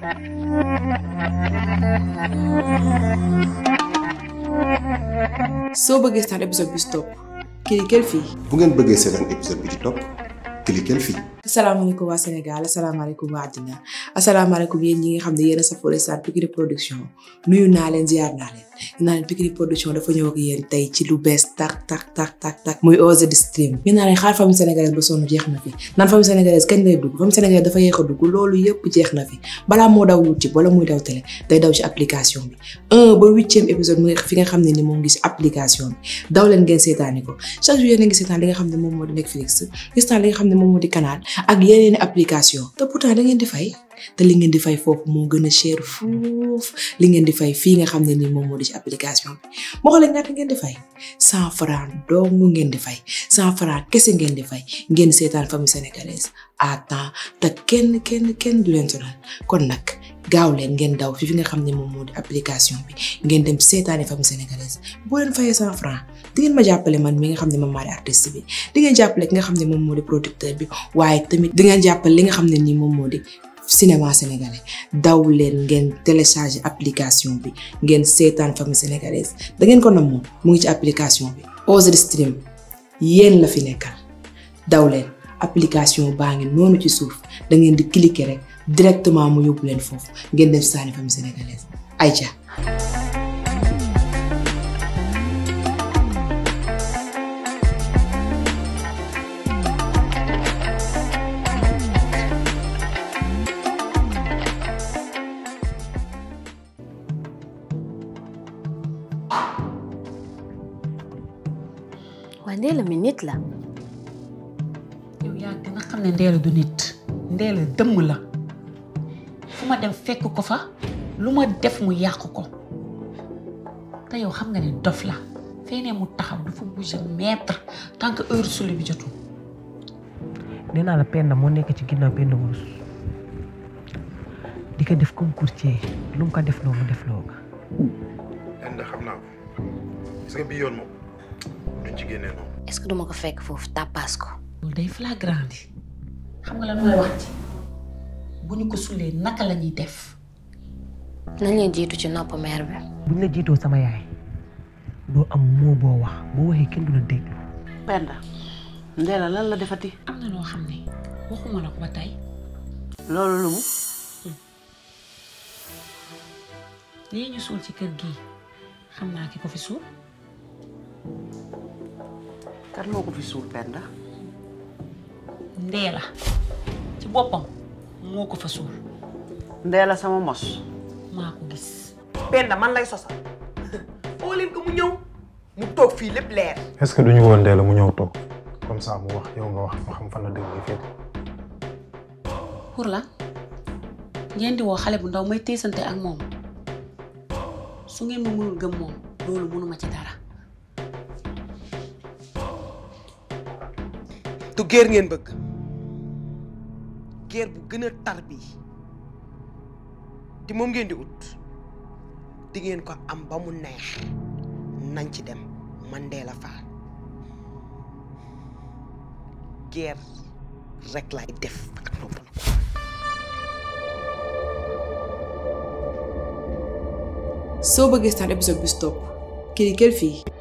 soo bëggee seetaan épisode bi ci topp cliquer fii. bu ngeen bëggee seetaan épisode bi ci topp cliquer fii. asalaamaaleykum waa Sénégal asalaamaaleykum waa àddina asalaamaaleykum yéen ñi nga xam ne yéen a safoo seetaan Pikini Production nuyu naa leen ziar naa leen. naa leen Pikini production dafa ñëw ak yéen tey ci lu bees tak tak tak tak tak muy Oser the Stream ngeen naa leen xaar famille sénégalaise ba sonn jeex na fi naan famille sénégalaise kañ lay dugg famille sénégalaise dafa yeex a dugg jeex na fi balaa moo daw wut ci wala muy daw télé day daw ci application bi un ba huitième épisode fi nga xam ne ni moo ngi ci application bi daw leen ngeen seetaani ko chaque jour yéen a ngi seetaan li nga xam ne moom moo di Netflix gis naa li nga xam ne moom moo di canal ak yeneen application te pourtant da ngeen di fay te li ngeen di fay foofu moo gën a cher fuuf li ngeen di fay fii nga xam ne nii moom di ci application bi moo xam ne ngeen di fay cent franc dong ngeen di fay cent franc kese ngeen di fay ngeen seetaan famille sénégalaise à temps te kenn kenn kenn du leen sonal kon nag gaaw leen ngeen daw fi fi nga di application bi ngeen dem seetaane famille sénégalaise boo leen fayee cent franc di ngeen ma jàppale man mi nga xam ne moom maa di artiste bi di ngeen jàppale ki nga xam ne moom di producteur bi tamit di ngeen li nga di cinéma sénégalais daw télécharge application bi ngeen sétane femme sénégalaise da ngeen ko application bi Stream Yen la fi nekkal application baa ngi ci da ngeen cliquer directement mu yóbbu leen foofu ngeen def saani femme waaye mi nit la. yow yaa gën xam ne Ndéla du nit. Ndéla dëmm la fu ma dem fekk ko fa lu ma def mu yàqu ko te yow xam nga ne dof la feneen mu taxaw dafa mu mètre tant que heure suli bi jotul. nee naa la Penda moo nekk ci ginnaaw Penda Wurus di ko def comme courtier lu mu ko def loo mu def loo nga. Penda xam naa ko gis nga bii yoon moom. est-ce que duma ko fekk foofu tàppaas ko. loolu day xam nga lan mooy wax ci bu ñu ko sulee naka la ñuy def. nañ leen jiitu ci nopp mère bi. ñu la jiitoo sama yaay doo am moo boo wax boo waxee kenn du la déglu. Penda Ndella lan la defati. am na loo xam ne waxuma la ba tey. loolu lu mu. lii ñu suul ci kër gii xam naa ki ko fi suul. kan moo ko fi suul Penda. Ndeela ci boppam moo ko fa sama mos. Ma aku gis. Penda man lay sosal. oo leen ko mu ñëw mu toog fii lépp leer. est-ce que duñu woon Ndeela mu ñëw toog comme ça mu wax yow ya nga wax xam fan la dëgg gi pour la ngeen di woo xale bu ndaw may téesante ak moom su ngeen ma mënul gëm moom loolu mënuma ci dara. Tu guerre ngeen bëgg guerre bu gën a tar bi te moom ngeen di ut di ngeen ko am ba mu neex nañ ci dem Mandela Fall guerre rek lay def ak noppal ko soo bëggee saan bi stop kii di Fii